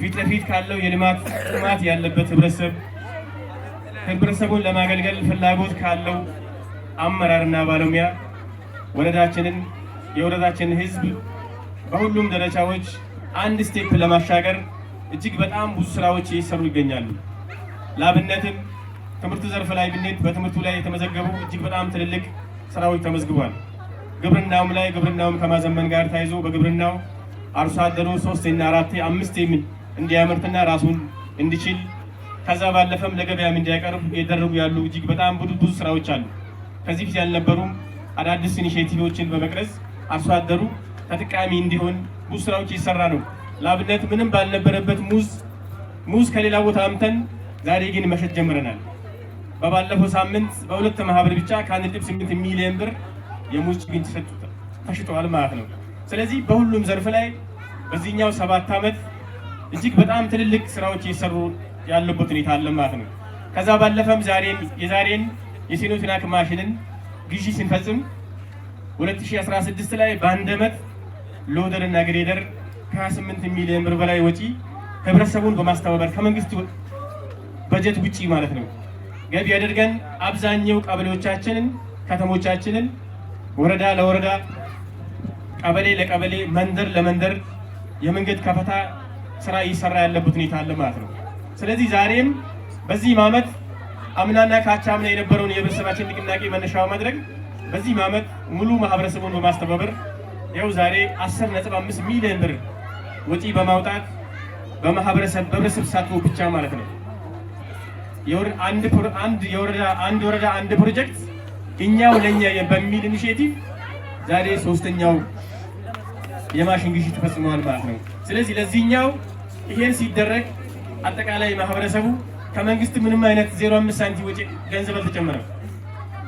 ፊት ለፊት ካለው የልማት ጥማት ያለበት ህብረተሰብ ህብረተሰቡን ለማገልገል ፍላጎት ካለው አመራርና ባለሙያ ወረዳችንን የወረዳችንን ህዝብ በሁሉም ደረጃዎች አንድ ስቴፕ ለማሻገር እጅግ በጣም ብዙ ስራዎች እየሰሩ ይገኛሉ። ላብነትም ትምህርት ዘርፍ ላይ ብንሄድ በትምህርቱ ላይ የተመዘገቡ እጅግ በጣም ትልልቅ ስራዎች ተመዝግቧል። ግብርናውም ላይ ግብርናውም ከማዘመን ጋር ተያይዞ በግብርናው አርሶ አደሩ ሶስት እና አራት አምስት እንዲያመርትና ራሱን እንዲችል ከዛ ባለፈም ለገበያም እንዲያቀርብ እየደረጉ ያሉ እጅግ በጣም ብዙ ብዙ ስራዎች አሉ። ከዚህ ፊት ያልነበሩም አዳዲስ ኢኒሽቲቭዎችን በመቅረጽ አርሶ አደሩ ተጠቃሚ እንዲሆን ብዙ ስራዎች እየሰራ ነው። ለአብነት ምንም ባልነበረበት ሙዝ ሙዝ ከሌላ ቦታ አምተን ዛሬ ግን መሸጥ ጀምረናል። በባለፈው ሳምንት በሁለት ማህበር ብቻ ከአንድ 18 ሚሊዮን ብር የሙዝ ችግኝ ተሸጥቷል ማለት ነው። ስለዚህ በሁሉም ዘርፍ ላይ በዚህኛው ሰባት ዓመት እጅግ በጣም ትልልቅ ስራዎች እየሰሩ ያሉበት ሁኔታ አለ ማለት ነው። ከዛ ባለፈም ዛሬም የዛሬን የሲኖትራክ ማሽንን ግዢ ስንፈጽም 2016 ላይ በአንድ ዓመት ሎደር እና ግሬደር ከ28 ሚሊዮን ብር በላይ ወጪ ህብረተሰቡን በማስተባበር ከመንግስት በጀት ውጪ ማለት ነው ገቢ አድርገን አብዛኛው ቀበሌዎቻችንን፣ ከተሞቻችንን ወረዳ ለወረዳ ቀበሌ ለቀበሌ መንደር ለመንደር የመንገድ ከፈታ ስራ እየሰራ ያለበት ሁኔታ አለ ማለት ነው። ስለዚህ ዛሬም በዚህም ዓመት አምናና ካቻ አምና የነበረውን የህብረተሰባችን ንቅናቄ መነሻ ማድረግ በዚህም ዓመት ሙሉ ማህበረሰቡን በማስተባበር ያው ዛሬ 10.5 ሚሊዮን ብር ወጪ በማውጣት በማህበረሰብ በህብረተሰብ ተሳትፎ ብቻ ማለት ነው አንድ የወረዳ አንድ ወረዳ አንድ ፕሮጀክት እኛው ለኛ በሚል ኢኒሼቲቭ ዛሬ ሶስተኛው የማሽን ግዢ ተፈጽመዋል ማለት ነው። ስለዚህ ለዚህኛው ይሄን ሲደረግ አጠቃላይ ማህበረሰቡ ከመንግስት ምንም አይነት ዜሮ አምስት ሳንቲ ወጪ ገንዘብ አልተጨመረም።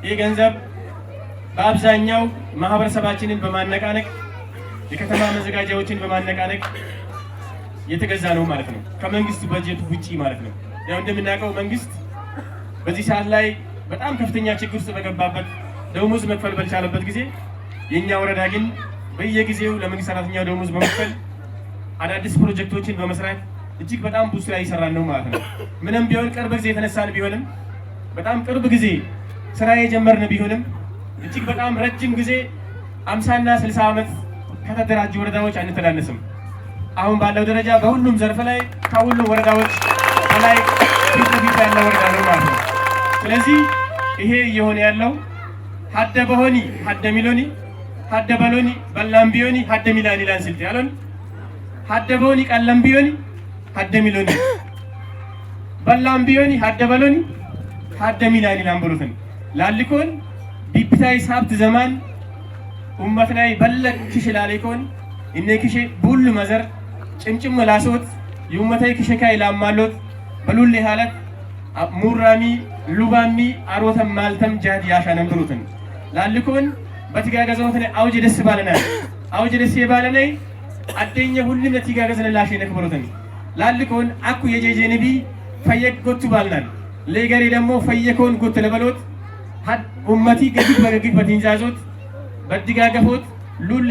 ይህ ገንዘብ በአብዛኛው ማህበረሰባችንን በማነቃነቅ የከተማ መዘጋጃዎችን በማነቃነቅ የተገዛ ነው ማለት ነው። ከመንግስት በጀት ውጪ ማለት ነው። ያው እንደምናውቀው መንግስት በዚህ ሰዓት ላይ በጣም ከፍተኛ ችግር ውስጥ በገባበት ደሞዝ መክፈል ባልቻለበት ጊዜ የእኛ ወረዳ ግን በየጊዜው ለመንግስት ሰራተኛ ደሞዝ በመክፈል አዳዲስ ፕሮጀክቶችን በመስራት እጅግ በጣም ብዙ ስራ ይሰራል ነው ማለት ነው። ምንም ቢሆን ቅርብ ጊዜ የተነሳን ቢሆንም በጣም ቅርብ ጊዜ ስራ የጀመርን ቢሆንም እጅግ በጣም ረጅም ጊዜ አምሳና ስልሳ ዓመት ከተደራጁ ወረዳዎች አንተናነስም። አሁን ባለው ደረጃ በሁሉም ዘርፍ ላይ ከሁሉም ወረዳዎች በላይ ፊት ለፊት ያለ ወረዳ ነው ማለት ነው። ስለዚህ ይሄ እየሆነ ያለው ሀደ በሆኒ ሀደ ሚሎኒ ሀደ በሎኒ በላምቢዮኒ ሀደ ሚላኒ ላንስልት ያለን ሀደ በሎኒ ቀለምቢዮኒ ሀደ ሚሎኒ በላምቢዮኒ ሀደ በሎኒ ሀደ ሚላኒ ላንብሩትን ላልኮን ቢብታይ ሳብት ዘማን ኡመት ናይ በለቅ ክሽ ላሌኮን እኔ ክሽ ቡሉ መዘር ጭምጭም ላሶት የኡመታይ ክሸካይ ላማሎት በሉሌ ሀለት ሙራሚ ሉባሚ አሮተም ማልተም ጃድ ያሻ ነንብሩትን ላልኮን በትጋገዘውት አውጅ ደስ ባለና አውጅ ደስ የባለነይ አደኘ ሁሉም ለትጋገዘ ለላሽ ነክብሩትን ላልኮን አኩ የጄጄ ነቢ ፈየክ ጎቱ ባልናል ለገሪ ደግሞ ፈየኮን ጎት ለበሎት ሀድ ኡመቲ ገግግ በገግግ በትንዛዞት በድጋገፎት ሉል